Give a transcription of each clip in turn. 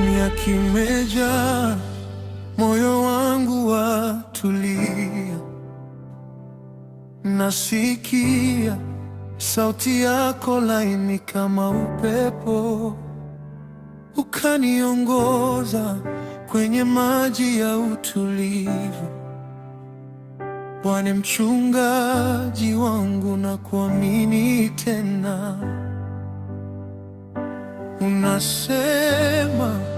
kimya kimeja moyo wangu watulia, nasikia sauti yako laini kama upepo, ukaniongoza kwenye maji ya utulivu. Bwana mchungaji wangu, na kuamini tena, unasema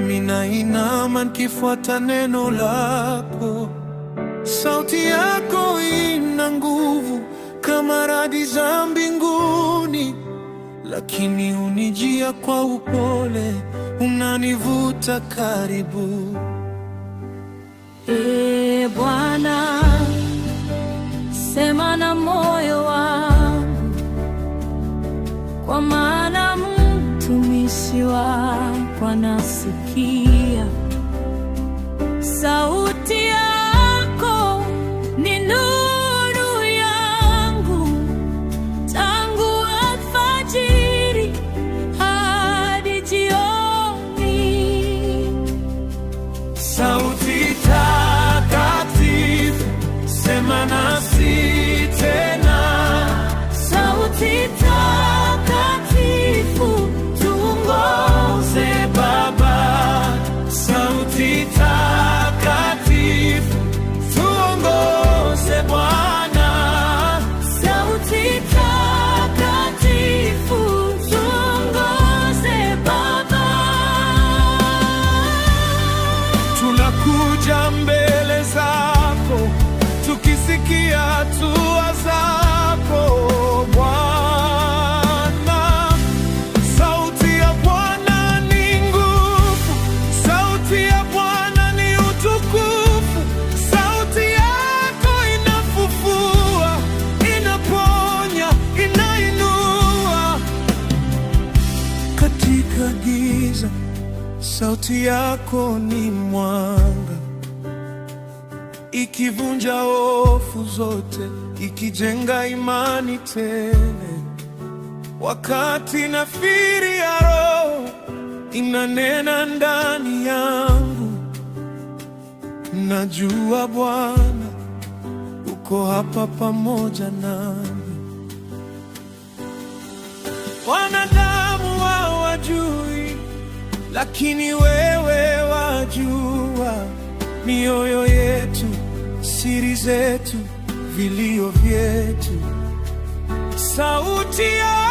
nami nainama nikifuata neno lako. Sauti yako ina nguvu kama radi za mbinguni, lakini unijia kwa upole, unanivuta karibu. E Bwana, sema na moyo wangu, kwa maana mtumishi wangu wanasikia sauti yako ni nuru yangu, tangu alfajiri hadi jioni. Sauti takatifu, sema nasi Sauti yako ni mwanga, ikivunja hofu zote, ikijenga imani tele. Wakati nafiri ya roho inanena ndani yangu, najua Bwana uko hapa pamoja nami. Wanadamu hawajui lakini wewe wajua mioyo yetu, siri zetu, vilio vyetu, sauti yetu.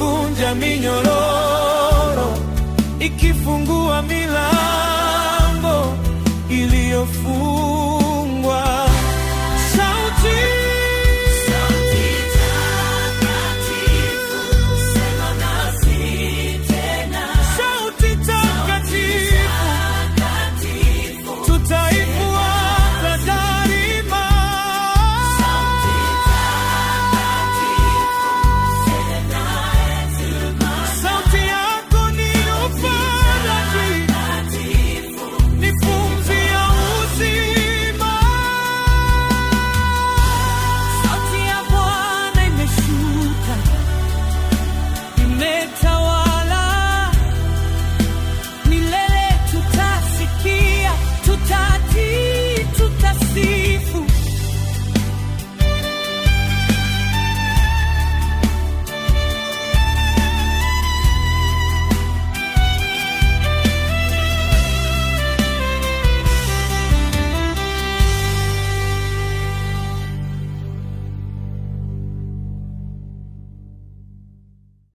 algún mi miño